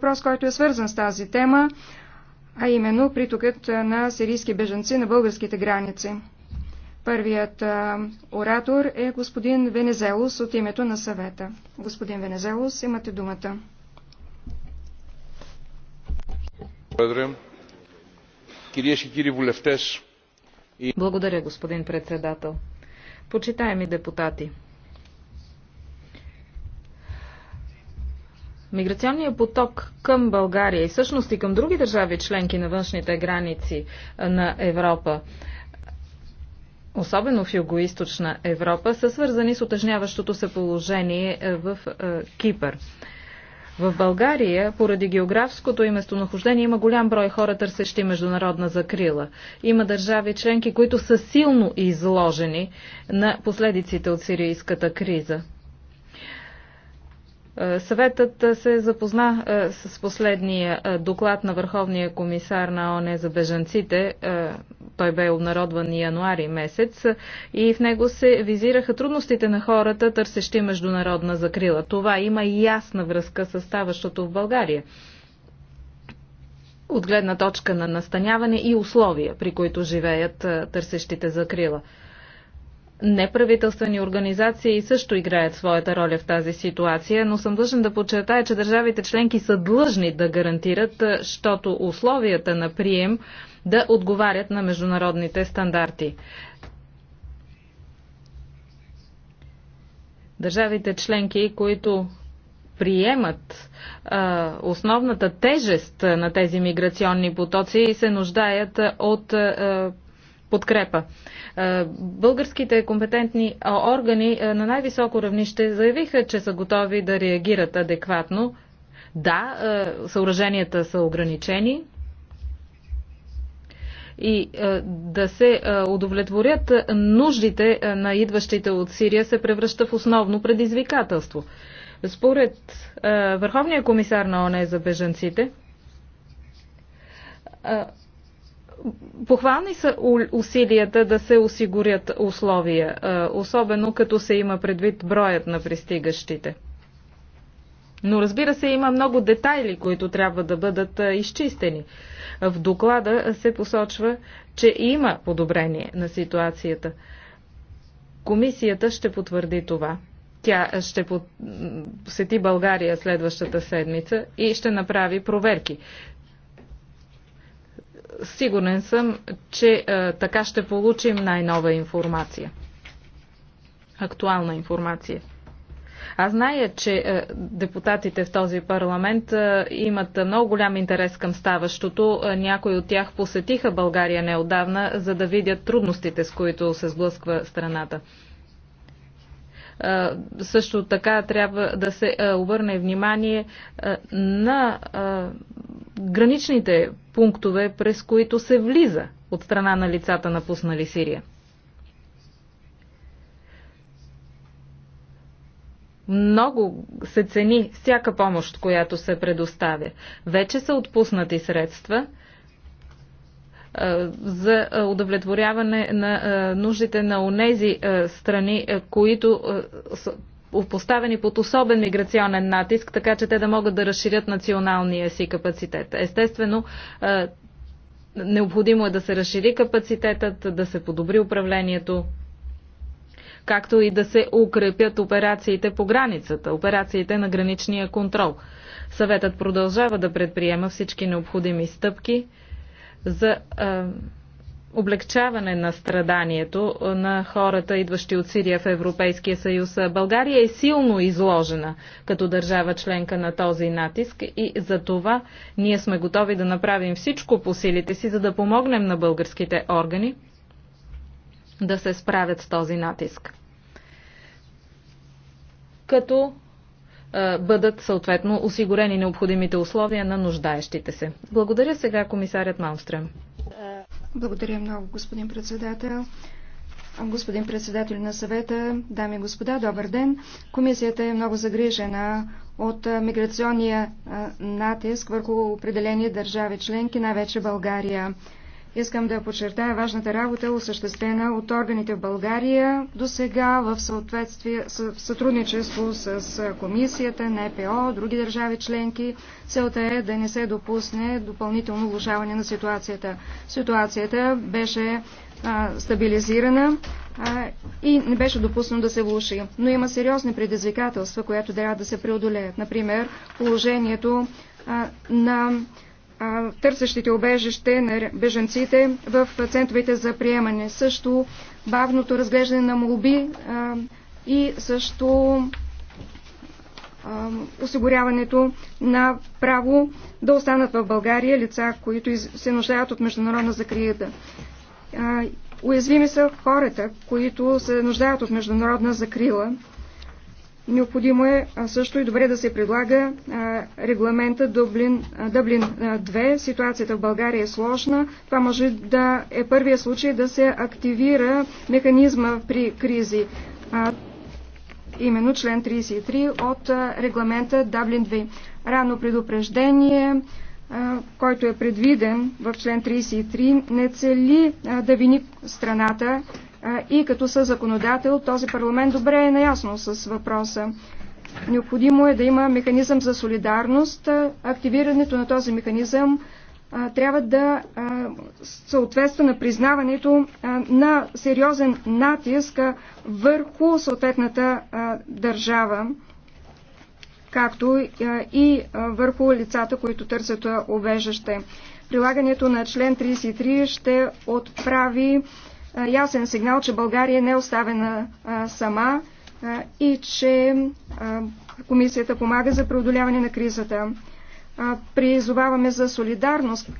въпрос, който е свързан с тази тема, а именно притокът на сирийски беженци на българските граници. Първият оратор е господин Венезелос от името на съвета. Господин Венезелос, имате думата. Благодаря, господин председател. Почитаеми депутати, Миграционният поток към България и всъщност и към други държави членки на външните граници е, на Европа, особено в Юго-Источна Европа, са свързани с отъжняващото се положение е, в е, Кипър. В България, поради географското и местонахождение, има голям брой хора, търсещи международна закрила. Има държави членки, които са силно изложени на последиците от сирийската криза. Е, съветът е, се запозна е, с последния доклад на Върховния комисар на ОНЕ за бежанците. Той бе обнародван януари месец и в него се визираха трудностите на хората, търсещи международна закрила. Това има и ясна връзка с ставащото в България от гледна точка на настаняване и условия, при които живеят търсещите закрила. Неправителствени организации също играят своята роля в тази ситуация, но съм длъжен да подчертая, че държавите членки са длъжни да гарантират, защото е, условията на прием да отговарят на международните стандарти. Държавите членки, които приемат а, е, основната тежест на тези миграционни потоци се нуждаят от а, е, подкрепа. Е, българските компетентни органи е, на най-високо равнище заявиха, че са готови да реагират адекватно. Да, е, съоръженията са ограничени и да се удовлетворят нуждите на идващите от Сирия се превръща в основно предизвикателство. Според Върховния комисар на ОНЕ за беженците, Похвални са усилията да се осигурят условия, особено като се има предвид броят на пристигащите. Но разбира се, има много детайли, които трябва да бъдат изчистени. В доклада се посочва, че има подобрение на ситуацията. Комисията ще потвърди това. Тя ще посети България следващата седмица и ще направи проверки. Сигурен съм, че е, така ще получим най-нова информация. Актуална информация. Аз зная, че е, депутатите в този парламент е, имат много голям интерес към ставащото. Някои от тях посетиха България неодавна, за да видят трудностите, с които се сблъсква страната. Също така трябва да се обърне внимание на граничните пунктове, през които се влиза от страна на лицата напуснали Сирия. Много се цени всяка помощ, която се предоставя. Вече са отпуснати средства за удовлетворяване на нуждите на онези страни, които поставени под особен миграционен натиск, така че те да могат да разширят националния си капацитет. Естествено, необходимо е да се разшири капацитетът, да се подобри управлението, както и да се укрепят операциите по границата, операциите на граничния контрол. Съветът продължава да предприема всички необходими стъпки за облегчаване на страданието на хората, идващи от Сирия в Европейския съюз. България е силно изложена като държава членка на този натиск и за това ние сме готови да направим всичко по силите си, за да помогнем на българските органи да се справят с този натиск. Като бъдат съответно осигурени необходимите условия на нуждаещите се. Благодаря сега комисарят Малстрем. Благодаря много, господин председател. Господин председател на съвета, дами и господа, добър ден. Комисията е много загрижена от миграционния натиск върху определени държави членки, най-вече България. Искам да подчертая важната работа, осъществена от органите в България до сега в, съответствие, в сътрудничество с комисията, НПО, други държави членки. Целта е да не се допусне допълнително влушаване на ситуацията. Ситуацията беше а, стабилизирана а, и не беше допуснато да се влуши. Но има сериозни предизвикателства, които трябва да се преодолеят. Например, положението а, на търсещите обежище на беженците в центровете за приемане. Също бавното разглеждане на молби и също осигуряването на право да останат в България лица, които се нуждаят от международна закрията. Уязвими са хората, които се нуждаят от международна закрила. Необходимо е също и добре да се предлага регламента Дублин, Дъблин 2. Ситуацията в България е сложна. Това може да е първия случай да се активира механизма при кризи. Именно член 33 от регламента Дъблин 2. Рано предупреждение, който е предвиден в член 33, не цели да вини страната и като със законодател този парламент добре е наясно с въпроса. Необходимо е да има механизъм за солидарност. Активирането на този механизъм трябва да съответства на признаването на сериозен натиск върху съответната държава, както и върху лицата, които търсят обежаще. Прилагането на член 33 ще отправи е, ясен сигнал, че България не е оставена е, сама е, и че комисията помага за преодоляване на кризата. Призоваваме за солидарност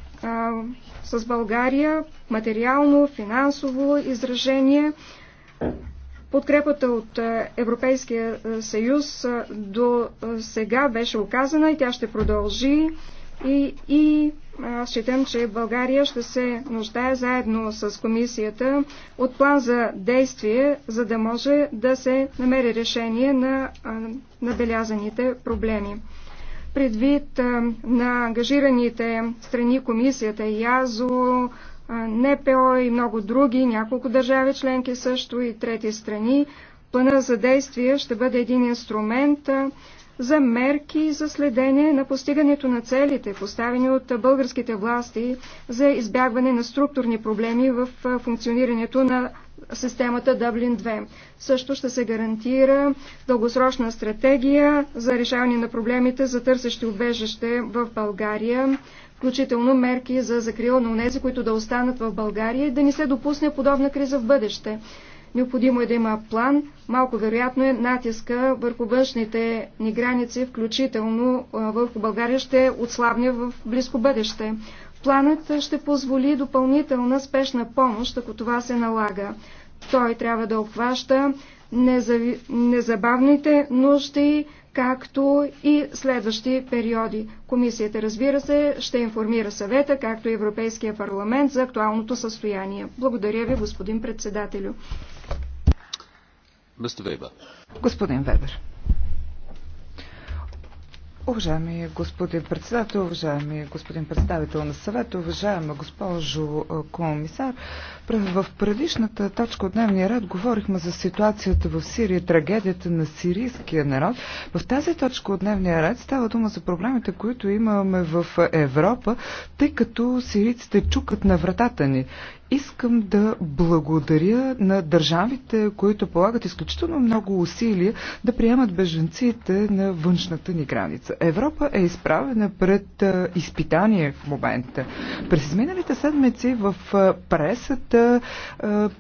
с България, материално, финансово изражение. Подкрепата от Европейския съюз до сега беше оказана и тя ще продължи. И, и считам, че България ще се нуждае заедно с комисията от план за действие, за да може да се намери решение на набелязаните проблеми. Предвид на ангажираните страни комисията ЯЗО, НПО и много други, няколко държави членки също и трети страни, плана за действие ще бъде един инструмент, за мерки за следение на постигането на целите, поставени от българските власти за избягване на структурни проблеми в функционирането на системата Дъблин 2. Също ще се гарантира дългосрочна стратегия за решаване на проблемите за търсещи убежище в България, включително мерки за закрила на унези, които да останат в България и да не се допусне подобна криза в бъдеще. Необходимо е да има план. Малко вероятно е натиска върху външните ни граници, включително върху България, ще отслабне в близко бъдеще. Планът ще позволи допълнителна спешна помощ, ако това се налага. Той трябва да обхваща незабавните нужди, както и следващи периоди. Комисията, разбира се, ще информира съвета, както и Европейския парламент за актуалното състояние. Благодаря ви, господин председателю. Господин Вебер. Уважаеми господин председател, уважаеми господин представител на съвета, уважаема госпожо комисар, в предишната точка от дневния ред говорихме за ситуацията в Сирия, трагедията на сирийския народ. В тази точка от дневния ред става дума за проблемите, които имаме в Европа, тъй като сирийците чукат на вратата ни. Искам да благодаря на държавите, които полагат изключително много усилия да приемат беженците на външната ни граница. Европа е изправена пред изпитание в момента. През изминалите седмици в пресата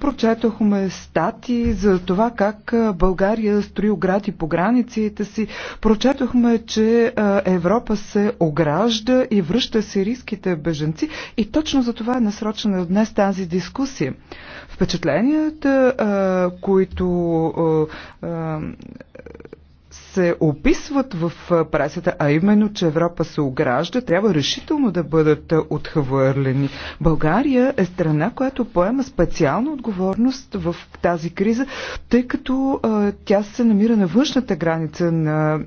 прочетохме стати за това как България строи огради по границите си. Прочетохме, че Европа се огражда и връща сирийските беженци и точно за това е насрочена днес тази тази дискусия. Впечатленията, които се описват в пресата, а именно, че Европа се огражда, трябва решително да бъдат отхвърлени. България е страна, която поема специална отговорност в тази криза, тъй като а, тя се намира на външната граница на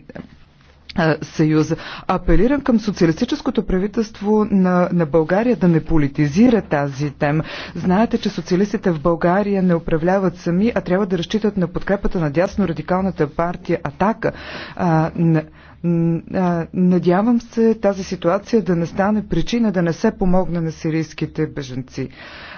Съюз. Апелирам към социалистическото правителство на, на България да не политизира тази тема. Знаете, че социалистите в България не управляват сами, а трябва да разчитат на подкрепата на дясно радикалната партия Атака. А, на, надявам се тази ситуация да не стане причина да не се помогне на сирийските беженци.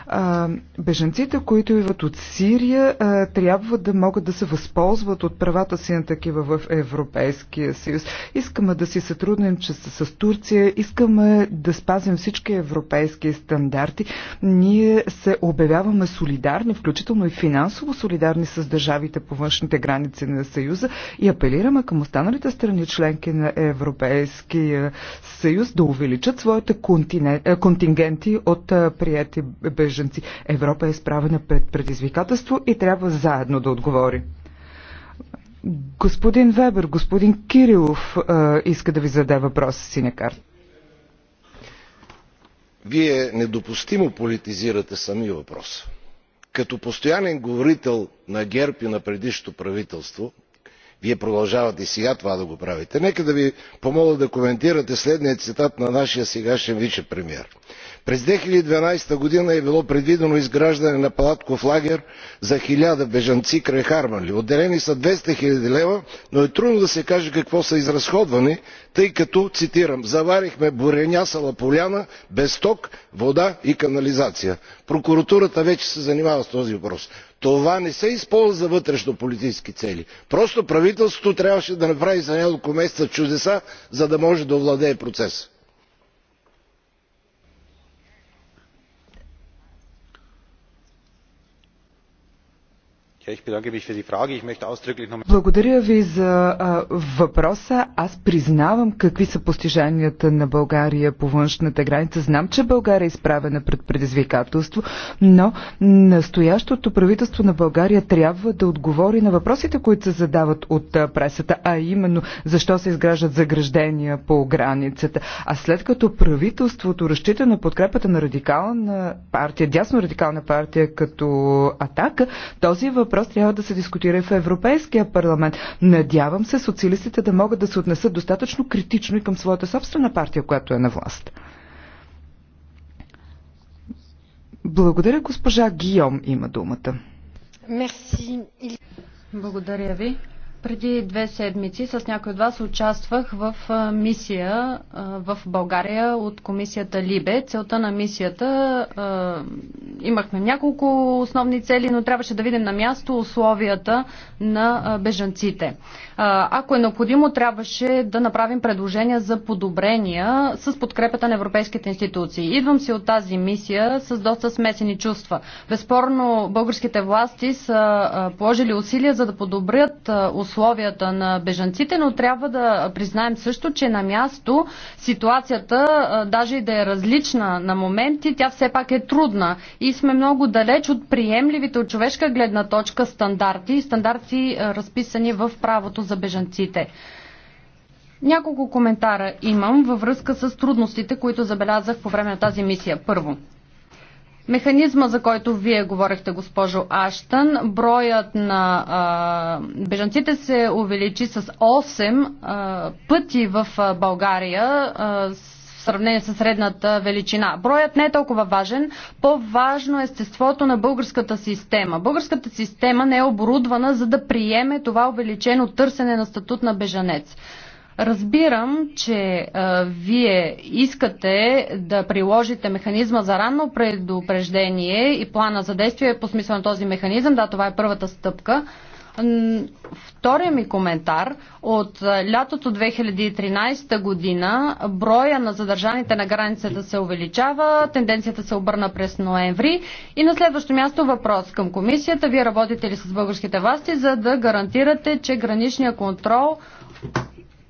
А, беженците, които идват от Сирия, а, трябва да могат да се възползват от правата си на такива в Европейския съюз. Искаме да си че с, с Турция, искаме да спазим всички европейски стандарти. Ние се обявяваме солидарни, включително и финансово солидарни с държавите по външните граници на Съюза и апелираме към останалите страни членки на Европейския съюз да увеличат своите контингенти от прияти бежанци бежанци. Европа е изправена пред предизвикателство и трябва заедно да отговори. Господин Вебер, господин Кирилов а, иска да ви заде въпрос с синя карта. Вие недопустимо политизирате сами въпроса. Като постоянен говорител на ГЕРБ и на предишното правителство, вие продължавате и сега това да го правите. Нека да ви помоля да коментирате следния цитат на нашия сегашен вице премьер през 2012 г. година е било предвидено изграждане на палатков лагер за хиляда бежанци край харманли. отделени са двеста хиляди лева но е трудно да се каже какво са изразходвани тъй като цитирам заварихме буренясала поляна без ток вода и канализация. прокуратурата вече се занимава с този въпрос. това не се използва за вътрешнополитически цели. просто правителството трябваше да направи за няколко месеца чудеса за да може да овладее процеса. Благодаря ви за въпроса. Аз признавам какви са постиженията на България по външната граница. Знам, че България е изправена пред предизвикателство, но настоящото правителство на България трябва да отговори на въпросите, които се задават от пресата, а именно защо се изграждат заграждения по границата. А след като правителството разчита на подкрепата на радикална партия, дясно радикална партия като Атака, този въпрос въпрос трябва да се дискутира и в Европейския парламент. Надявам се социалистите да могат да се отнесат достатъчно критично и към своята собствена партия, която е на власт. Благодаря, госпожа Гиом има думата. Благодаря ви. Преди две седмици с някой от вас участвах в мисия в България от комисията Либе. Целта на мисията имахме няколко основни цели, но трябваше да видим на място условията на бежанците. Ако е необходимо, трябваше да направим предложения за подобрения с подкрепата на европейските институции. Идвам си от тази мисия с доста смесени чувства. Безспорно, българските власти са положили усилия за да подобрят условията условията на бежанците, но трябва да признаем също, че на място ситуацията, даже и да е различна на моменти, тя все пак е трудна и сме много далеч от приемливите от човешка гледна точка стандарти и стандарти разписани в правото за бежанците. Няколко коментара имам във връзка с трудностите, които забелязах по време на тази мисия. Първо, Механизма, за който вие говорихте, госпожо Аштън, броят на а, бежанците се увеличи с 8 а, пъти в България. А, сравнение с средната величина. Броят не е толкова важен, по-важно е естеството на българската система. Българската система не е оборудвана за да приеме това увеличено търсене на статут на бежанец. Разбирам, че а, вие искате да приложите механизма за ранно предупреждение и плана за действие по смисъл на този механизъм. Да, това е първата стъпка. Втория ми коментар от лятото 2013 година броя на задържаните на границата се увеличава, тенденцията се обърна през ноември и на следващо място въпрос към комисията. Вие работите ли с българските власти, за да гарантирате, че граничния контрол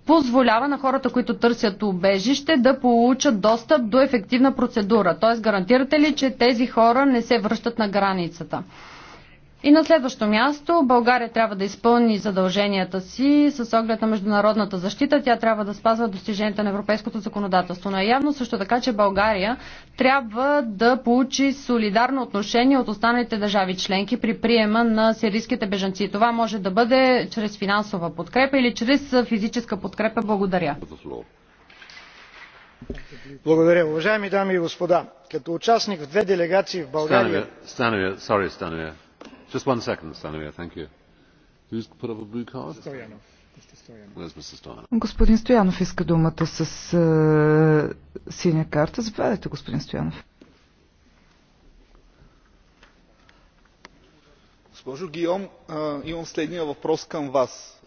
позволява на хората, които търсят убежище, да получат достъп до ефективна процедура. Тоест гарантирате ли, че тези хора не се връщат на границата? И на следващо място, България трябва да изпълни задълженията си с оглед на международната защита. Тя трябва да спазва достиженията на европейското законодателство. Но е явно също така, че България трябва да получи солидарно отношение от останалите държави членки при приема на сирийските бежанци. Това може да бъде чрез финансова подкрепа или чрез физическа подкрепа. Благодаря. Благодаря. Уважаеми дами и господа, като участник в две делегации в България... Станове, станове, sorry, станове. Господин Стоянов иска думата с е, синя карта. Заповядайте, господин Стоянов. Госпожо Гиом, имам следния въпрос към вас.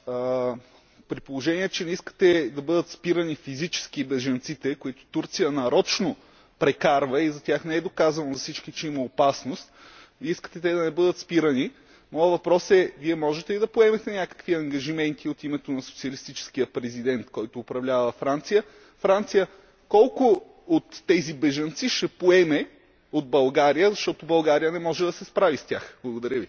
при положение, че не искате да бъдат спирани физически беженците, които Турция нарочно прекарва и за тях не е доказано за всички, че има опасност, вие искате те да не бъдат спирани. моят въпрос е вие можете ли да поемете някакви ангажименти от името на социалистическия президент който управлява франция? франция колко от тези бежанци ще поеме от България, защото България не може да се справи с тях. Благодаря ви.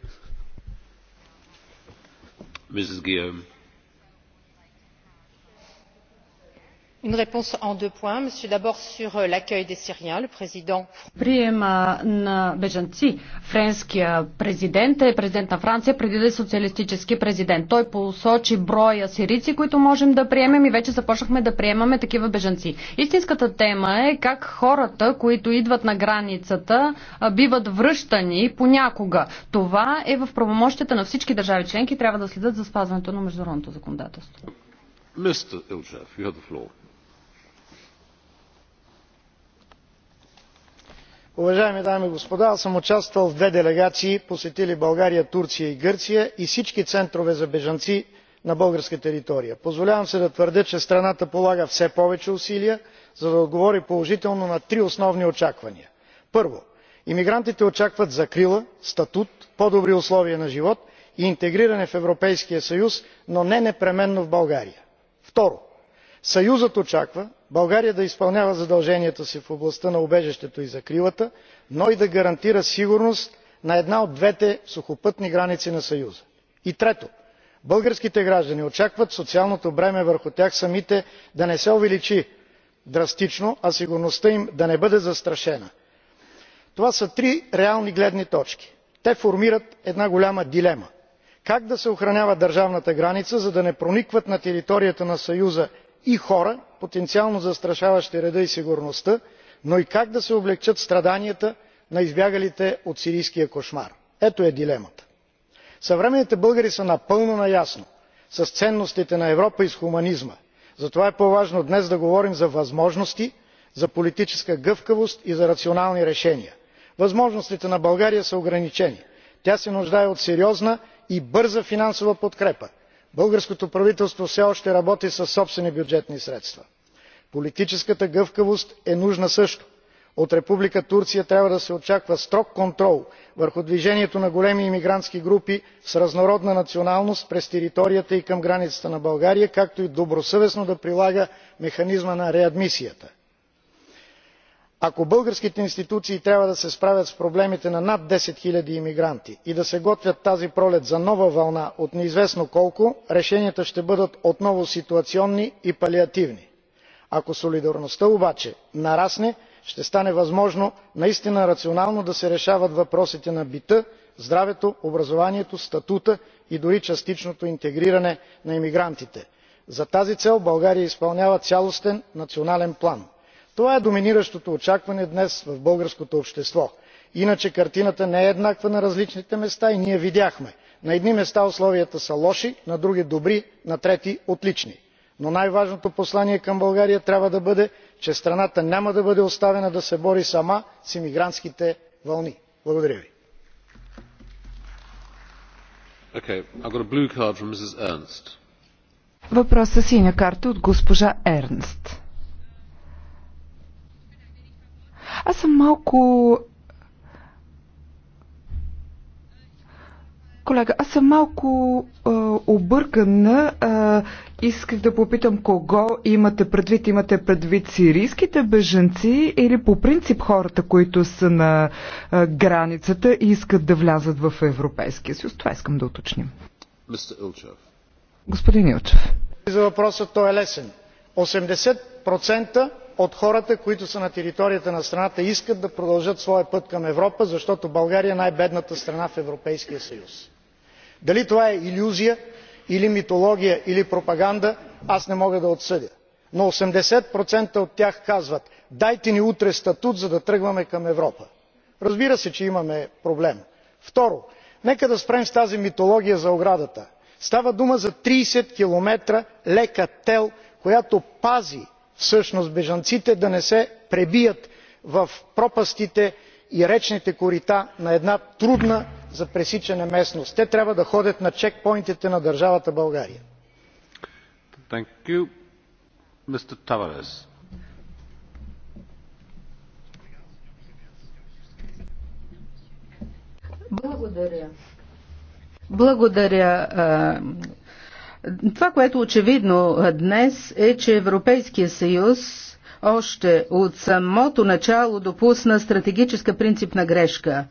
une réponse en deux points monsieur d'abord sur euh, l'accueil des syriens le président приема на бежанци френския президент е президент на Франция преди да е социалистически президент. Той посочи броя сирийци, които можем да приемем и вече започнахме да приемаме такива бежанци. Истинската тема е как хората, които идват на границата, биват връщани понякога. Това е в правомощията на всички държави членки и трябва да следят за спазването на международното законодателство. Mr. Ilchev, you have the floor. уважаеми дами и господа! аз съм участвал в две делегации посетили българя турция и гърция и всички центрове за бежанци на българска територия. позволявам си да твърдя че страната полага все повече усилия за да отговори положително на три основни очаквания. първо имигрантите очакват закрила статут по добри условия на живот и интегриране в европейския съюз но не непременно в българя. второ съюзът очаква България да изпълнява задълженията си в областта на убежището и закрилата но и да гарантира сигурност на една от двете сухопътни граници на съюза. и трето българските граждани очакват социалното бреме върху тях самите да не се увеличи драстично а сигурността им да не бъде застрашена. това са три реални гледни точки. те формират една голяма дилема как да се охранява държавната граница за да не проникват на територията на съюза и хора потенциално застрашаващи реда и сигурността но и как да се облекчат страданията на избягалите от сирийския кошмар. ето я е дилемата. съвременните българи са напълно наясно с ценностите на европа и с хуманизма затова е по важно днес да говорим за възможности за политическа гъвкавост и за рационални решения. възможностите на българя са ограничени. тя се нуждае от сериозна и бърза финансова подкрепа българското правителство все още работи със собствени бюджетни средства. политическата гъвкавост е нужна също. от република турция трябва да се очаква строг контрол върху движението на големи имигрантски групи с разнородна националност през територията и към границата на българия както и добросъвестно да прилага механизма на реадмисията ако българските институции трябва да се справят с проблемите на над десет хиляди имигранти и да се готвят тази пролет за нова вълна от неизвестно колко решенията ще бъдат отново ситуационни и палиативни. ако солидарността обаче нарасне ще стане възможно наистина рационално да се решават въпросите на бита здравето образованието статута и дори частичното интегриране на имигрантите. за тази цел българя изпълнява цялостен национален план това е доминиращото очакване днес в българското общество. иначе картината не е еднаква на различните места и ние видяхме на едни места условията са лоши на други добри на трети отлични. но най важното послание към българия трябва да бъде че страната няма да бъде оставена да се бори сама с имигрантските вълни. благодаря ви. въпрос синя карта от госпожа ернст. Аз съм малко колега, аз съм малко а, объркана. А, исках да попитам кого имате предвид. Имате предвид сирийските беженци или по принцип хората, които са на а, границата и искат да влязат в Европейския съюз? Това искам да уточним. Господин Илчев. За въпросът той е лесен процента от хората които са на територията на страната искат да продължат своя път към европа защото българя е най бедната страна в европейския съюз. дали това е илюзия или митология или пропаганда аз не мога да отсъдя но осемдесет процента от тях казват дайте ни утре статут за да тръгваме към европа. разбира се че имаме проблем. второ нека да спрем с тази митология за оградата. става дума за тридесет километра лека тел която пази всъщност бежанците да не се пребият в пропастите и речните корита на една трудна за пресичане местност. те трябва да ходят на чекпоинтите на държавата българия. Това, което е очевидно днес е, че Европейския съюз още от самото начало допусна стратегическа принципна грешка,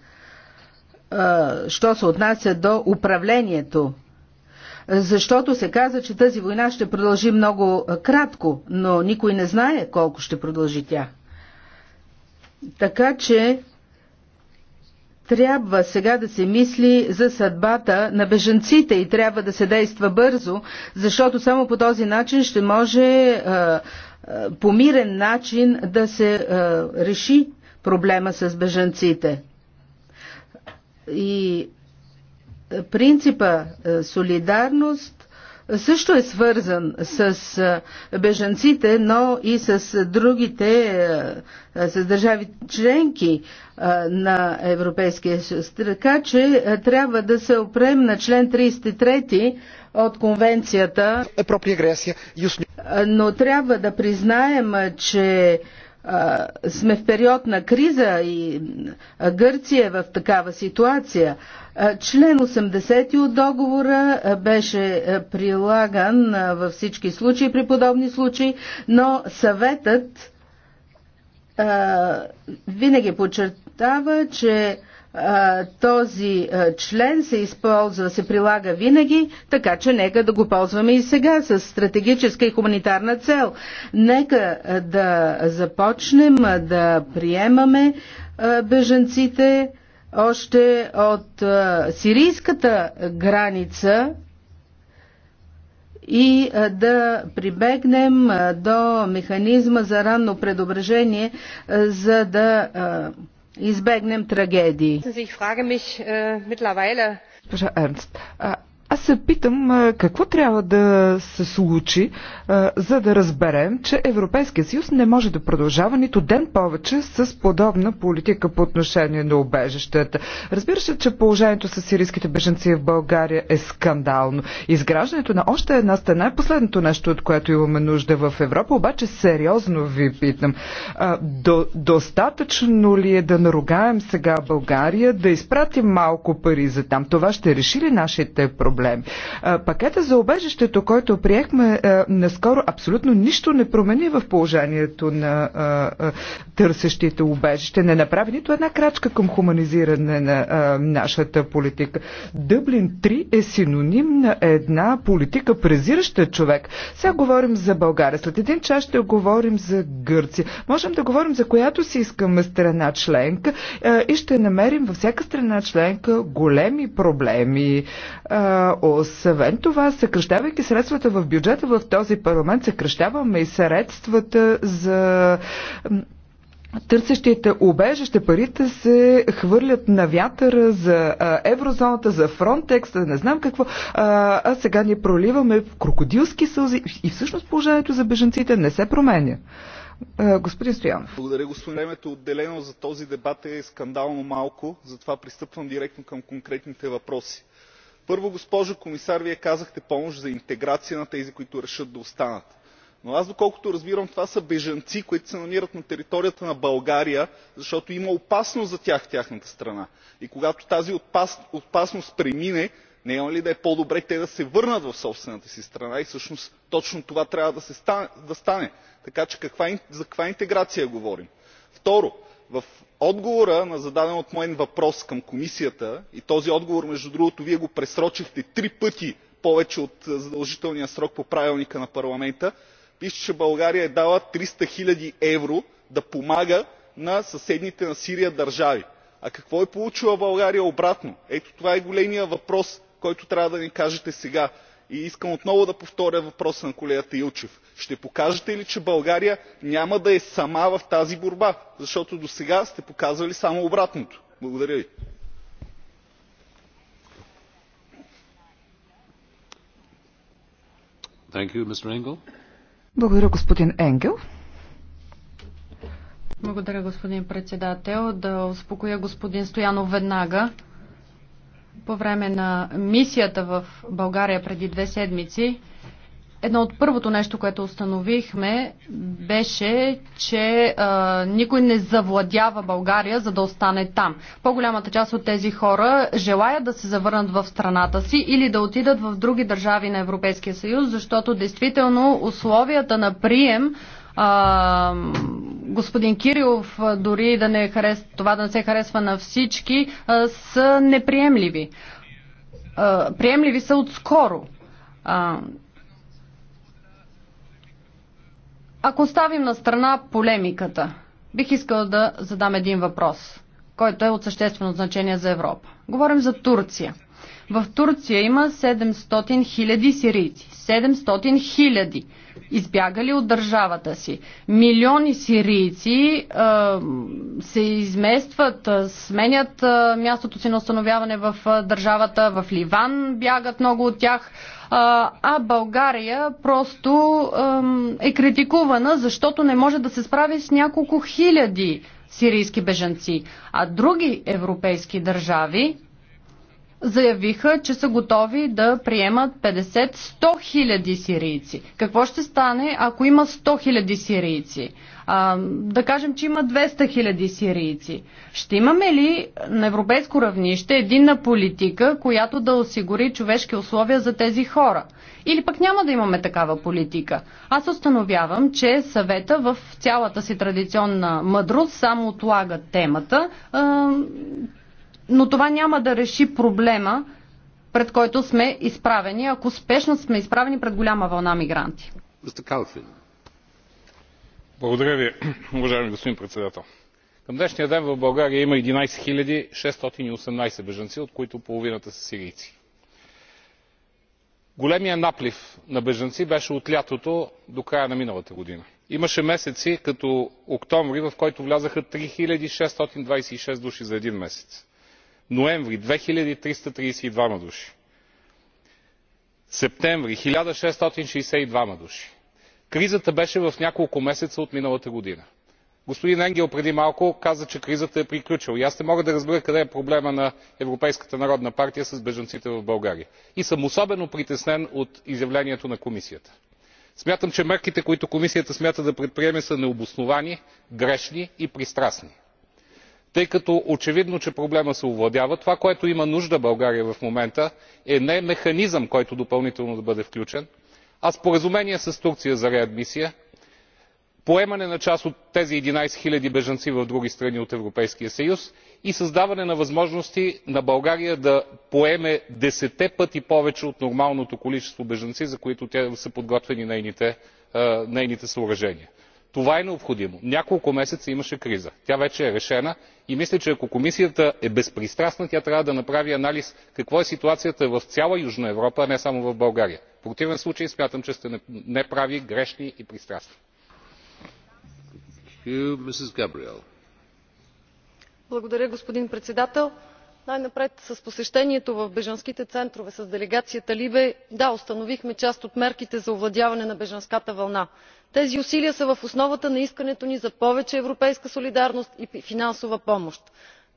що се отнася до управлението. Защото се каза, че тази война ще продължи много кратко, но никой не знае колко ще продължи тя. Така че трябва сега да се мисли за съдбата на бежанците и трябва да се действа бързо, защото само по този начин ще може по мирен начин да се реши проблема с бежанците. И принципа солидарност също е свързан с бежанците, но и с другите, с държави членки на Европейския съюз. Така че трябва да се опрем на член 33 от конвенцията. Е, но трябва да признаем, че сме в период на криза и Гърция е в такава ситуация. Член 80 от договора беше прилаган във всички случаи, при подобни случаи, но съветът винаги подчертава, че този член се използва, се прилага винаги, така че нека да го ползваме и сега с стратегическа и хуманитарна цел. Нека да започнем да приемаме беженците още от сирийската граница и да прибегнем до механизма за ранно предображение, за да избегнем трагедии. Аз се питам какво трябва да се случи, за да разберем, че Европейския съюз не може да продължава нито ден повече с подобна политика по отношение на убежищата. Разбира се, че положението с сирийските беженци в България е скандално. Изграждането на още една стена е последното нещо, от което имаме нужда в Европа, обаче сериозно ви питам. До, достатъчно ли е да наругаем сега България, да изпратим малко пари за там? Това ще реши ли нашите проблеми? проблем. Пакета за обежището, който приехме наскоро, абсолютно нищо не промени в положението на търсещите обежище. Не направи нито една крачка към хуманизиране на нашата политика. Дъблин 3 е синоним на една политика презираща човек. Сега говорим за България. След един час ще говорим за Гърция. Можем да говорим за която си искаме страна членка и ще намерим във всяка страна членка големи проблеми. Освен това, съкръщавайки средствата в бюджета в този парламент, съкръщаваме и средствата за търсещите убежище, парите се хвърлят на вятъра за еврозоната, за Фронтекс, не знам какво, а, а сега ни проливаме в крокодилски сълзи и всъщност положението за беженците не се променя. Господин Стоянов. Благодаря, господин. Времето отделено за този дебат е скандално малко, затова пристъпвам директно към конкретните въпроси първо госпожо комисар вие казахте помощ за интеграция на тези които решат да останат но аз доколкото разбирам това са бежанци които се намират на територията на България защото има опасност за тях в тяхната страна и когато тази опасност премине няма ли да е по добре те да се върнат в собствената си страна и всъщност точно това трябва да стане така че за каква интеграция говорим? второ в отговорът на зададен от мен въпрос към комисията и този отговор между другото вие го пресрочихте три пъти повече от задължителния срок по правилника на парламента пише че българя е дала триста хиляди евро да помага на съседните на сирия държави. а какво е получила българя обратно? ето това е големият въпрос който трябва да ни кажете сега и искам отново да повторя въпроса на колегата илчев ще покажете ли че българия няма да е сама в тази борба защото до сега сте показвали само обратното? благодаря ви. Благодаря, господин Енгел. Благодаря, господин председател. Да успокоя господин Стоянов веднага по време на мисията в България преди две седмици, едно от първото нещо, което установихме, беше, че а, никой не завладява България, за да остане там. По-голямата част от тези хора желаят да се завърнат в страната си или да отидат в други държави на Европейския съюз, защото действително условията на прием а, господин Кирилов, дори да не харес, това да не се харесва на всички, а, са неприемливи. А, приемливи са отскоро. А, ако ставим на страна полемиката, бих искал да задам един въпрос, който е от съществено значение за Европа. Говорим за Турция. В Турция има 700 хиляди сирийци. 700 хиляди избягали от държавата си. Милиони сирийци а, се изместват, а, сменят а, мястото си на установяване в а, държавата, в Ливан бягат много от тях, а, а България просто а, е критикувана, защото не може да се справи с няколко хиляди сирийски бежанци. А други европейски държави, заявиха, че са готови да приемат 50-100 хиляди сирийци. Какво ще стане, ако има 100 хиляди сирийци? А, да кажем, че има 200 хиляди сирийци. Ще имаме ли на европейско равнище единна политика, която да осигури човешки условия за тези хора? Или пък няма да имаме такава политика? Аз установявам, че съвета в цялата си традиционна мъдрост само отлага темата. А, но това няма да реши проблема, пред който сме изправени, ако спешно сме изправени пред голяма вълна мигранти. Благодаря ви, уважаеми господин председател. Към днешния ден в България има 11 618 бежанци, от които половината са сирийци. Големият наплив на бежанци беше от лятото до края на миналата година. Имаше месеци като октомври, в който влязаха 3626 души за един месец ноември две хиляди триста тридесет и двама души септември хиляда шестстотин шестдесет и двама души. кризата беше в няколко месеца от миналата година. господин енгел преди малко каза че кризата е приключила и аз не мога да разбера къде е проблемът на европейската народна партия с бежанците в българия и съм особено притеснен от изявлението на комисията. смятам че мерките които комисията смята да предприеме са необосновани грешни и пристрастни тъй като очевидно че проблемът се овладява. това от което има нужда българя в момента е не механизъм който допълнително да бъде включен а споразумение с турция за реадмисия поемане на част от тези единадесет хиляди бежанци в други страни от европейския съюз и създаване на възможности на българя да поеме десетте пъти повече от нормалното количество бежанци за които са подготвени нейните съоръжения това е необходимо. няколко месеца имаше криза. тя вече е решена и мисля че ако комисията е безпристрастна тя трябва да направи анализ каква е ситуацията в цяла южна европа а не само в българя. в противен случай смятам че сте неправи грешни и пристрастни. благодаря господин председател най напред с посещението в бежанските центрове с делегацията либе да установихме част от мерките за овладяване на бежанската вълна. тези усилия са в основата на искането ни за повече европейска солидарност и финансова помощ.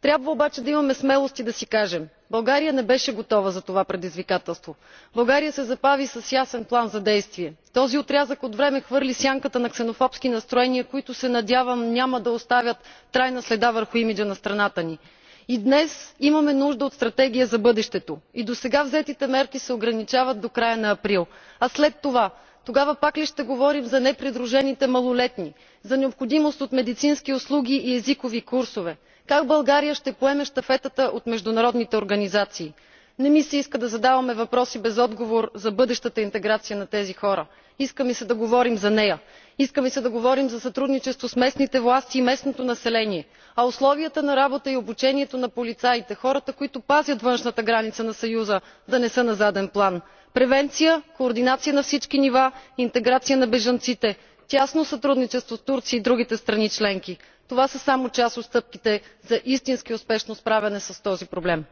трябва обаче да имаме смелост и да си кажем българия не беше готова за това предизвикателство. българия се забави с ясен план за действие. този отрязък от време хвърли сянката на ксенофобски настроения които се надявам няма да оставят трайна следа върху имиджа на страната ни и днес имаме нужда от стратегия за бъдещето и досега взетите мерки се ограничават до края на април. а след това? тогава пак ли ще говорим за непридружените малолетни за необходимост от медицински услуги и езикови курсове? как българя ще поеме щафетата от международните организации? не ми се иска да задаваме въпроси без отговор за бъдещата интеграция на тези хора. иска ми се да говорим за нея. иска ми се да говорим за сътрудничество с местните власти и местното население а условията на работа и обучението на полицаите хората които пазят външната граница на съюза да не са на заден план. превенция координация на всички нива интеграция на бежанците тясно сътрудничество с турция и другите страни членки това са само част от стъпките за истински успешно справяне с този проблем.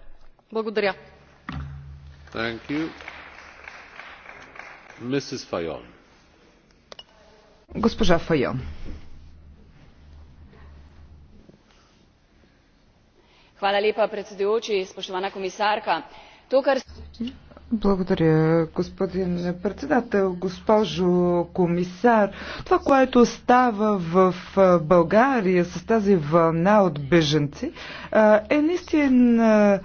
благодаря. Госпожа Файон. Благодаря, господин председател, госпожо комисар. Това, което става в България с тази вълна от беженци, е наистина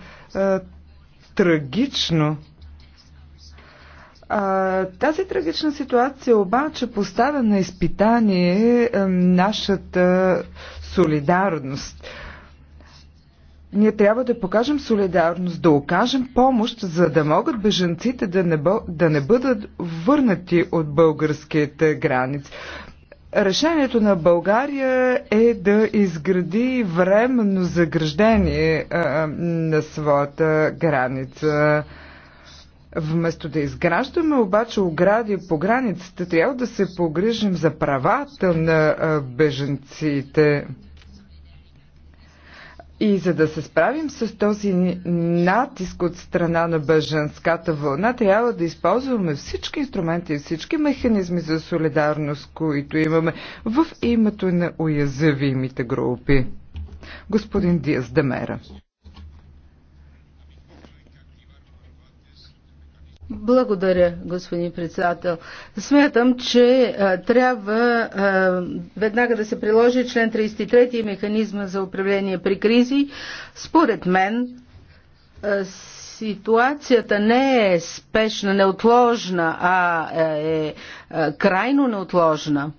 трагично. А, тази трагична ситуация обаче поставя на изпитание а, е, нашата солидарност. Ние трябва да покажем солидарност, да окажем помощ, за да могат бежанците да не, да не бъдат върнати от българските граници. Решението на България е да изгради временно заграждение на своята граница. Вместо да изграждаме обаче огради по границата, трябва да се погрижим за правата на беженците. И за да се справим с този натиск от страна на бъженската вълна, трябва да използваме всички инструменти и всички механизми за солидарност, които имаме в името на уязвимите групи. Господин Диас Демера. Благодаря, господин председател. Смятам, че а, трябва а, веднага да се приложи член 33 и механизма за управление при кризи. Според мен, а, ситуацията не е спешна, неотложна, а е, е крайно неотложна.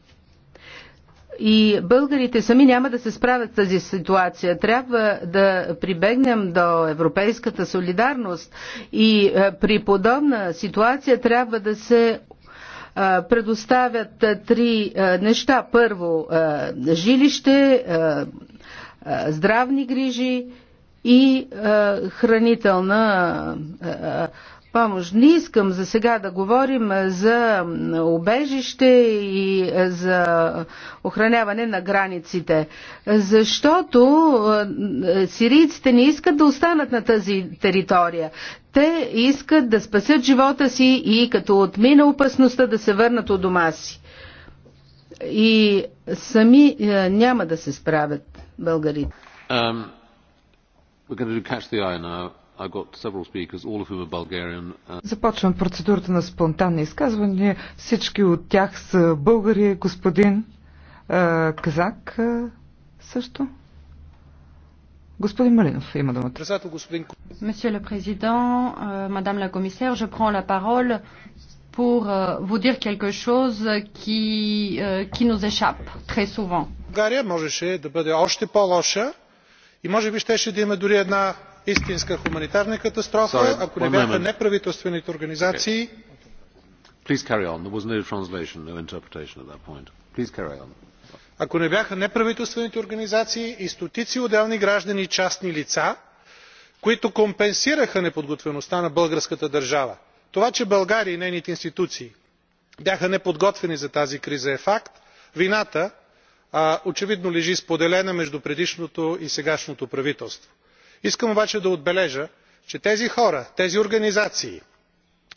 И българите сами няма да се справят с тази ситуация. Трябва да прибегнем до европейската солидарност и е, при подобна ситуация трябва да се е, предоставят е, три неща. Първо, жилище, здравни грижи и хранителна помощ. Не искам за сега да говорим за обежище и за охраняване на границите, защото е, сирийците не искат да останат на тази територия. Те искат да спасят живота си и като отмина опасността да се върнат от дома си. И сами е, няма да се справят българите. Um, Uh, Започвам процедурата на спонтанни изказвания. Всички от тях са българи, господин а, Казак а, също. Господин Малинов има думата. Monsieur le Président, euh, Madame la Commissaire, je prends la parole pour euh, vous dire quelque chose qui, euh, qui nous échappe très souvent. България можеше да бъде още по-лоша и може би щеше да има дори една истинска хуманитарна катастрофа ако не бяха неправителствените организации ако не бяха неправителствените организации и стотици отделни граждани и частни лица които компенсираха неподготвеността на българската държава. това че българя и нейните институции бяха неподготвени за тази криза е факт. вината очевидно лежи споделена между предишното и сегашното правителство искам обаче да отбележа че тези хора тези организации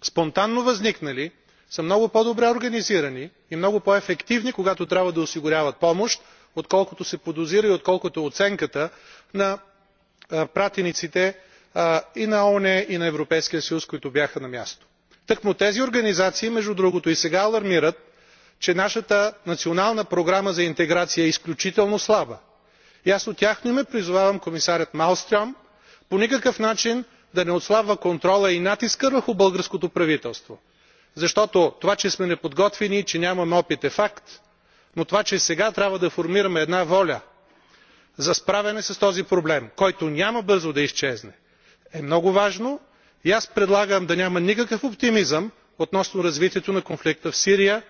спонтанно възникнали са много по добре организирани и много по ефективни когато трябва да осигуряват помощ отколкото се подозира и отколкото е оценката на пратениците и на оон и на европейския съюз които бяха на място. тъкмо тези организации между другото и сега алармират че нашата национална програма за интеграция е изключително слаба и аз от тяхно име призовавам комисаря малмстрм по никакъв начин да не отслабва контрола и натиска върху българското правителство. защото това че сме неподготвени и че нямаме опит е факт но това че сега трябва да формираме една воля за справяне с този проблем който няма бързо да изчезне е много важно и аз предлагам да няма никакъв оптимизъм относно развитието на конфликта в сирия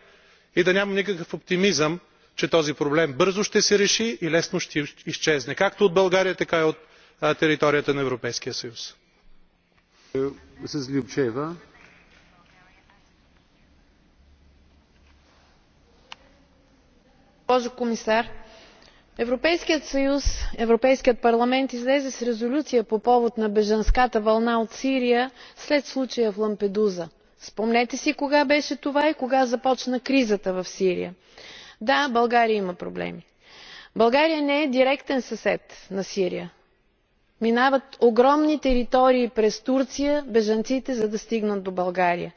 и да няма никакъв оптимизъм че този проблем бързо ще се реши и лесно ще изчезне както от българя така и от територията на европейския съюз. госпожо комисар европейският съюз европейският парламент излезе с резолюция по повод на бежанската вълна от сирия след случая в лампедуза. спомнете си кога беше това и кога започна кризата в сирия. Да, България има проблеми. България не е директен съсед на Сирия. Минават огромни територии през Турция бежанците, за да стигнат до България.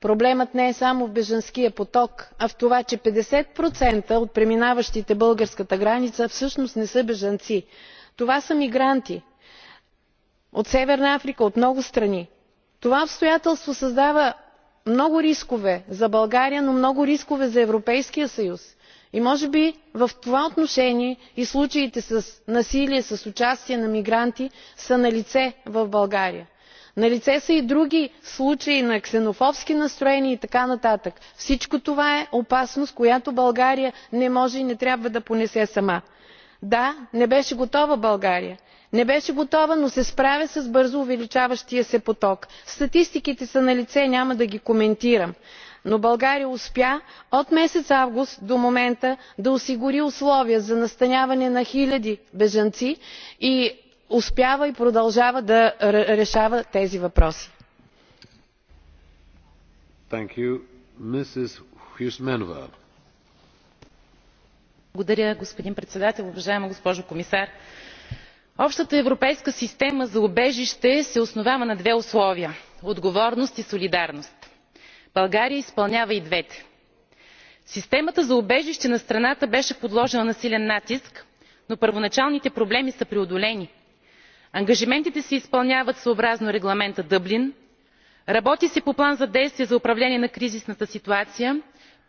Проблемът не е само в бежанския поток, а в това, че 50% от преминаващите българската граница всъщност не са бежанци. Това са мигранти от Северна Африка, от много страни. Това обстоятелство създава много рискове за България, но много рискове за Европейския съюз. И може би в това отношение и случаите с насилие, с участие на мигранти са налице в България. Налице са и други случаи на ксенофобски настроения и така нататък. Всичко това е опасност, която България не може и не трябва да понесе сама да не беше готова българя не беше готова но се справя с бързо увеличаващия се поток. статистиките са налице няма да ги коментирам но българя успя от месец август до момента да осигури условия за настаняване на хиляди бежанци и успява и продължава да решава тези въпроси. Благодаря, господин председател. Уважаема госпожо комисар, общата европейска система за убежище се основава на две условия – отговорност и солидарност. България изпълнява и двете. Системата за убежище на страната беше подложена на силен натиск, но първоначалните проблеми са преодолени. Ангажиментите се изпълняват съобразно регламента Дъблин, работи се по план за действие за управление на кризисната ситуация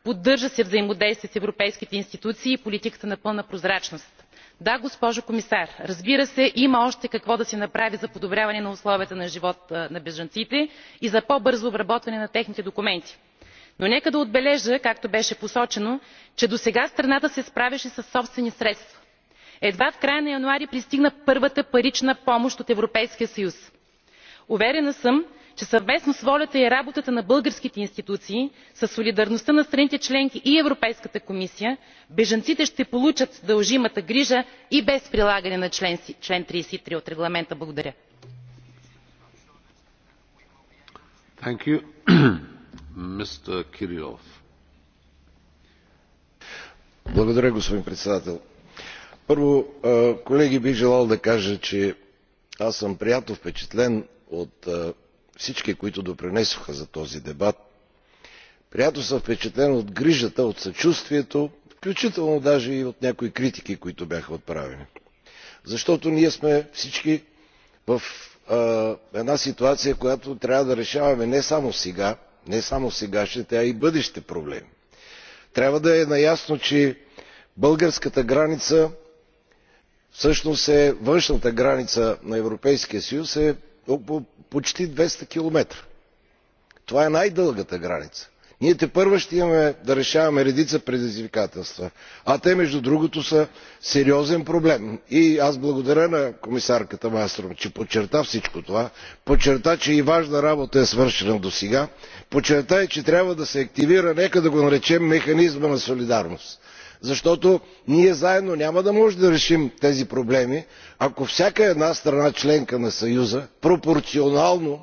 поддържа се взаимодействие с европейските институции и политиката на пълна прозрачност. да госпожо комисар разбира се има още какво да се направи за подобряване на условията на живот на бежанците и за по бързо обработване на техните документи. но нека да отбележа както беше посочено че досега страната се справяше със собствени средства. едва в края на януари пристигна първата парична помощ от европейския съюз. уверена съм че съвместно с волята и работата на българските институции със солидарността на страните членки и европейската комисия бежанците ще получат дължимата грижа и без прилагане на чл. 33 от регламента. благодаря. Благодаря, господин председател. Първо, колеги, бих желал да кажа, че аз съм приятно впечатлен от всички които допринесоха за този дебат. приятно съм впечатлен от грижата от съчувствието включително даже и от някои критики които бяха отправени. защото ние сме всички в една ситуация която трябва да решаваме не само сега не само сегашните а и бъдещите проблеми. трябва да е наясно че българската граница всъщност е външната граница на европейския съюз е почти 200 км. това е най дългата граница. ние тепърва ще имаме да решаваме редица предизвикателства а те между другото са сериозен проблем. аз благодаря на комисарката малмстрм че подчерта всичко това подчерта че и важна работа е свършена до сега, подчерта и че трябва да се активира нека да го наречем механизма на солидарност защото ние заедно няма да можем да решим тези проблеми ако всяка една страна членка на съюза пропорционално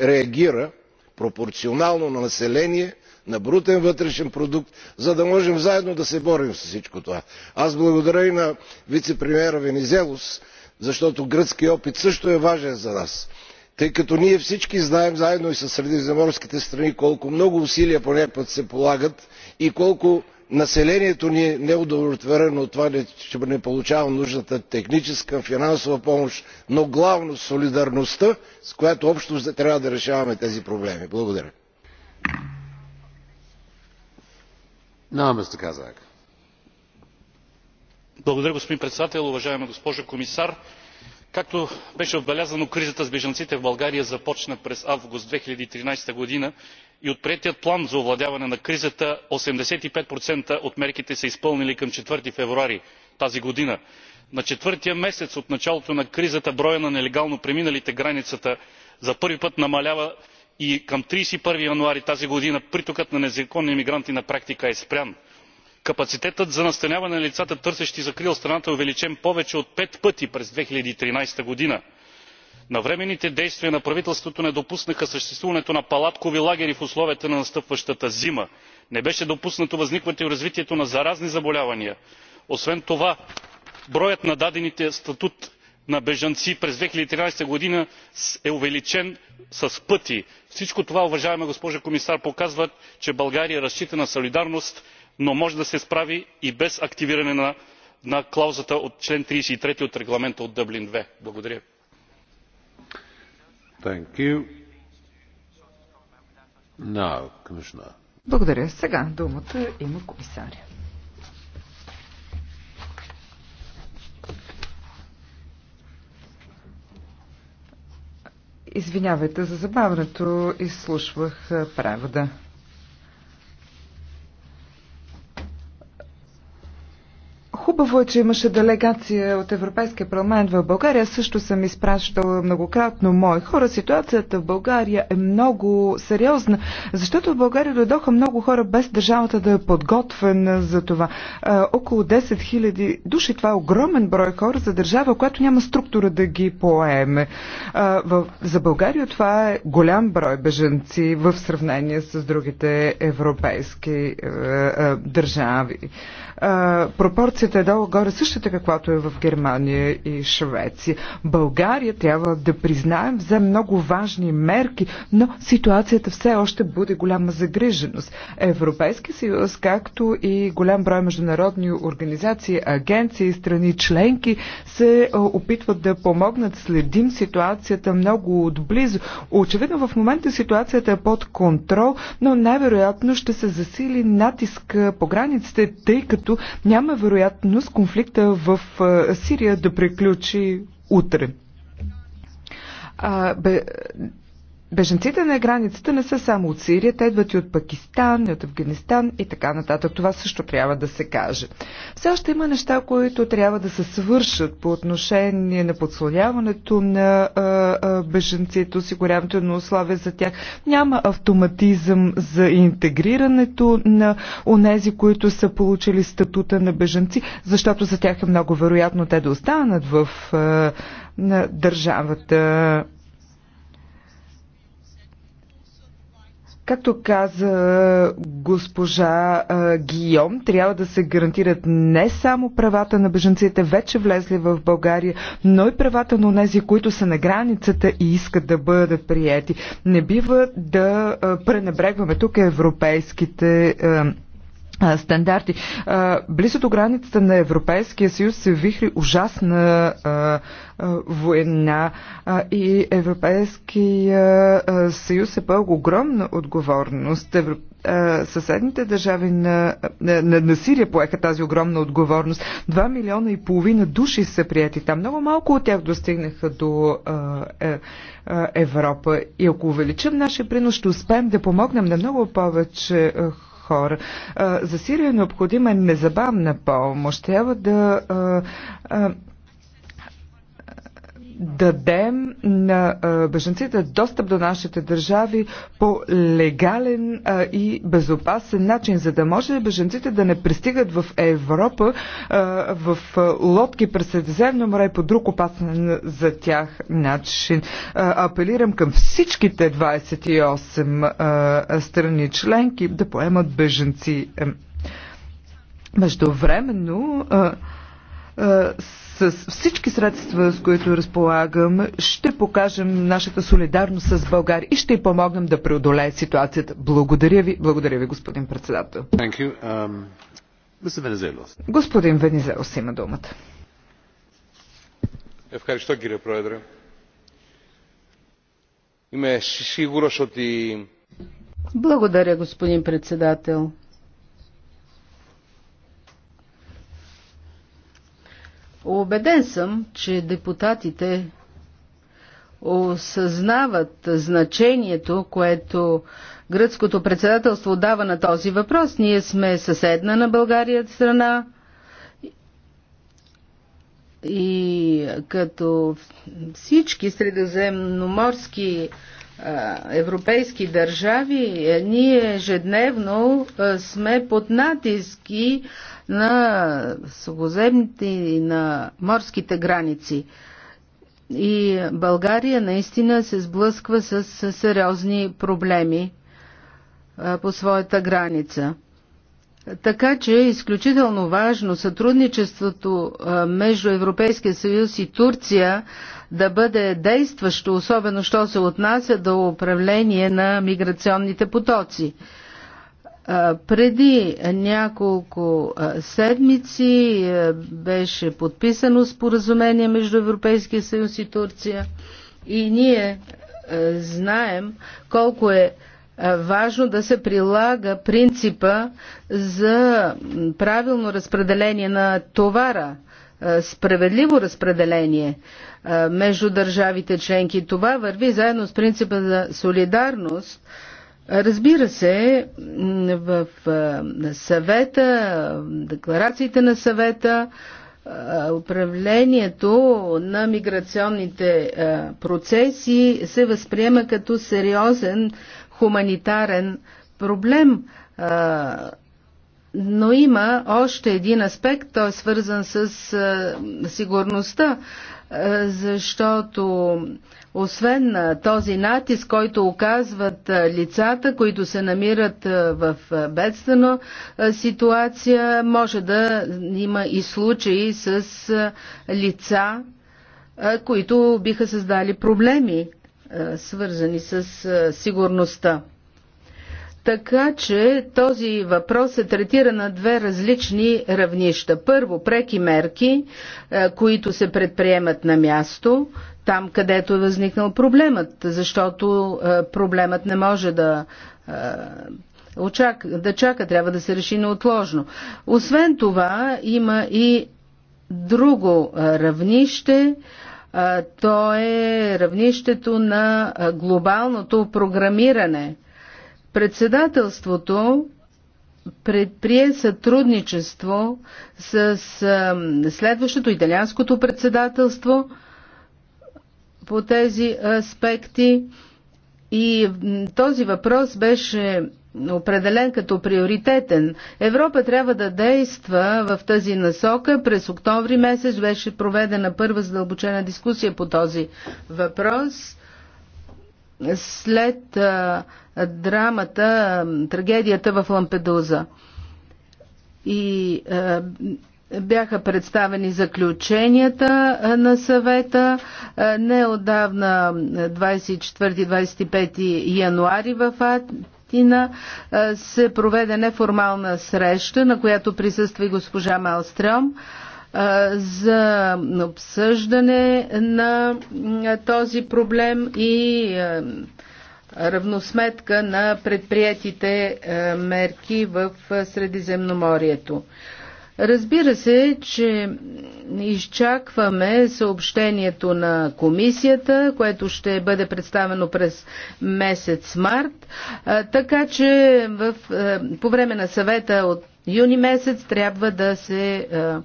реагира пропорционално на население на брутен вътрешен продукт за да можем заедно да се борим с всичко това. аз благодаря и на вицепремиера венизелос защото гръцкият опит също е важен за нас тъй като ние всички знаем заедно и със средиземноморските страни колко много усилия по се полагат и колко населението ни е неудовлетворено от това че не получава нужната техническа финансова помощ но главно солидарността с която общо взето трябва да решаваме тези проблеми. благодаря. господин председател уважаема госпожо комисар както беше отбелязано кризата с бежанците в българя започна през август две хиляди и тринадесета г и от приетия план за овладяване на кризата осемдесет и пет от мерките са изпълнени към четвърти февруари тази година. на четвъртия месец от началото на кризата броят на нелегално преминалите границата за първи път намалява и към тридесет и първи януари тази година притокът на незаконни емигранти на практика е спрян. капацитетът за настаняване на лицата търсещи закрила в страната е увеличен повече от пет пъти през две хиляди и тринадесета година навременните действия на правителството не допуснаха съществуването на палаткови лагери в условията на настъпващата зима не беше допуснато възникването и развитието на заразни заболявания. освен това броят на дадените статут на бежанци през две хиляди и тринадесета година е увеличен с пъти. всичко това уважаема госпожо комисар показва че българя разчита на солидарност но може да се справи и без активиране на клаузата от чл. тридесет и три от регламента от дъблин ii. благодаря. Благодаря. Сега думата има комисаря. Извинявайте за забавното, изслушвах правда. Хубаво е, че имаше делегация от Европейския парламент в България. Също съм изпращала многократно мои хора. Ситуацията в България е много сериозна, защото в България дойдоха много хора без държавата да е подготвена за това. А, около 10 000 души, това е огромен брой хора за държава, която няма структура да ги поеме. А, в, за България това е голям брой беженци в сравнение с другите европейски е, е, държави. А, пропорцията е надолу горе същата, каквато е в Германия и Швеция. България трябва да признаем, за много важни мерки, но ситуацията все още буде голяма загриженост. Европейски съюз, както и голям брой международни организации, агенции, страни членки се е, опитват да помогнат. Следим ситуацията много отблизо. Очевидно в момента ситуацията е под контрол, но най-вероятно ще се засили натиск по границите, тъй като няма вероятно възможност, конфликта в Сирия да приключи утре. А, бе, Беженците на границата не са само от Сирия, те идват и от Пакистан, и от Афганистан и така нататък. Това също трябва да се каже. Все още има неща, които трябва да се свършат по отношение на подслоняването на а, а, беженците, осигуряването на условия за тях. Няма автоматизъм за интегрирането на онези, които са получили статута на беженци, защото за тях е много вероятно те да останат в а, на държавата Както каза госпожа Гийом, трябва да се гарантират не само правата на беженците, вече влезли в България, но и правата на тези, които са на границата и искат да бъдат приети. Не бива да пренебрегваме тук европейските стандарти. Близо до границата на Европейския съюз се вихри ужасна война и Европейския съюз е поел огромна отговорност. Съседните държави на, на, на, на Сирия поеха тази огромна отговорност. Два милиона и половина души са прияти там. Много малко от тях достигнаха до а, е, а, Европа. И ако увеличим нашия принос, ще успеем да помогнем на много повече хора. За Сирия е необходима незабавна помощ. Трябва да а, а, дадем на беженците достъп до нашите държави по легален и безопасен начин, за да може беженците да не пристигат в Европа в лодки през Средиземно море по друг опасен за тях начин. Апелирам към всичките 28 страни членки да поемат беженци. Междувременно а, с всички средства, с които разполагам, ще покажем нашата солидарност с България и ще й помогнем да преодолее ситуацията. Благодаря ви, благодаря ви, господин председател. Um, Венезелос. Господин Венизелос има думата. Ευχαριστώ κύριε Πρόεδρε. Είμαι σίγουρος ότι... Благодаря, господин председател. Обеден съм, че депутатите осъзнават значението, което гръцкото председателство дава на този въпрос. Ние сме съседна на България страна и като всички средоземноморски европейски държави, е, ние ежедневно сме под натиски на сухоземните и на морските граници. И България наистина се сблъсква с сериозни проблеми по своята граница. Така че е изключително важно сътрудничеството между Европейския съюз и Турция да бъде действащо, особено що се отнася до управление на миграционните потоци. Преди няколко седмици беше подписано споразумение между Европейския съюз и Турция и ние знаем колко е е, важно да се прилага принципа за правилно разпределение на товара, е, справедливо разпределение е, между държавите членки. Това върви заедно с принципа за солидарност. Разбира се, в съвета, декларациите на съвета, управлението на миграционните процеси се възприема като сериозен хуманитарен проблем, но има още един аспект, той е свързан с сигурността, защото освен този натиск, който оказват лицата, които се намират в бедствена ситуация, може да има и случаи с лица, които биха създали проблеми е, свързани с е, сигурността. Така че този въпрос се третира на две различни равнища. Първо, преки мерки, е, които се предприемат на място, там където е възникнал проблемът, защото проблемът не може да да чака, трябва да се реши неотложно. Освен това, има и друго равнище, то е равнището на глобалното програмиране. Председателството предприе сътрудничество с следващото италианското председателство по тези аспекти и този въпрос беше определен като приоритетен. Европа трябва да действа в тази насока. През октомври месец беше проведена първа задълбочена дискусия по този въпрос. След а, драмата, трагедията в Лампедуза. И а, бяха представени заключенията на съвета. Неодавна 24-25 януари в Атина се проведе неформална среща, на която присъства и госпожа Малстрем за обсъждане на този проблем и равносметка на предприятите мерки в Средиземноморието. Разбира се, че изчакваме съобщението на комисията, което ще бъде представено през месец март, така че в, по време на съвета от юни месец трябва да се а,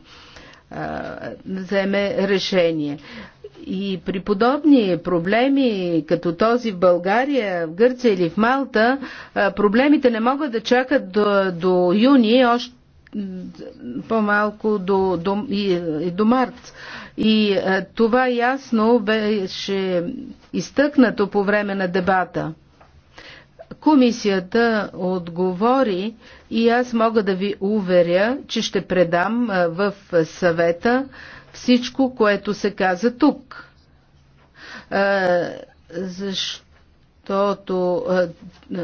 а, вземе решение. И при подобни проблеми, като този в България, в Гърция или в Малта, проблемите не могат да чакат до, до юни, още по-малко до, до, и, до март. И а, е, това ясно беше изтъкнато по време на дебата. Комисията отговори и аз мога да ви уверя, че ще предам е, в съвета всичко, което се каза тук. Е, защо? то, то е,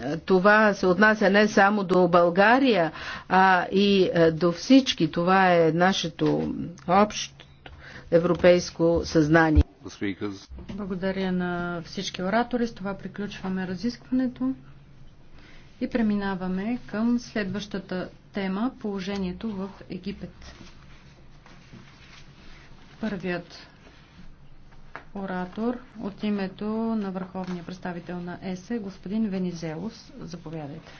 е, това се отнася не само до България, а и е, до всички. Това е нашето общо европейско съзнание. Благодаря на всички оратори. С това приключваме разискването и преминаваме към следващата тема положението в Египет. Първият оратор от името на върховния представител на ЕСЕ, е, господин Венизелос. Заповядайте.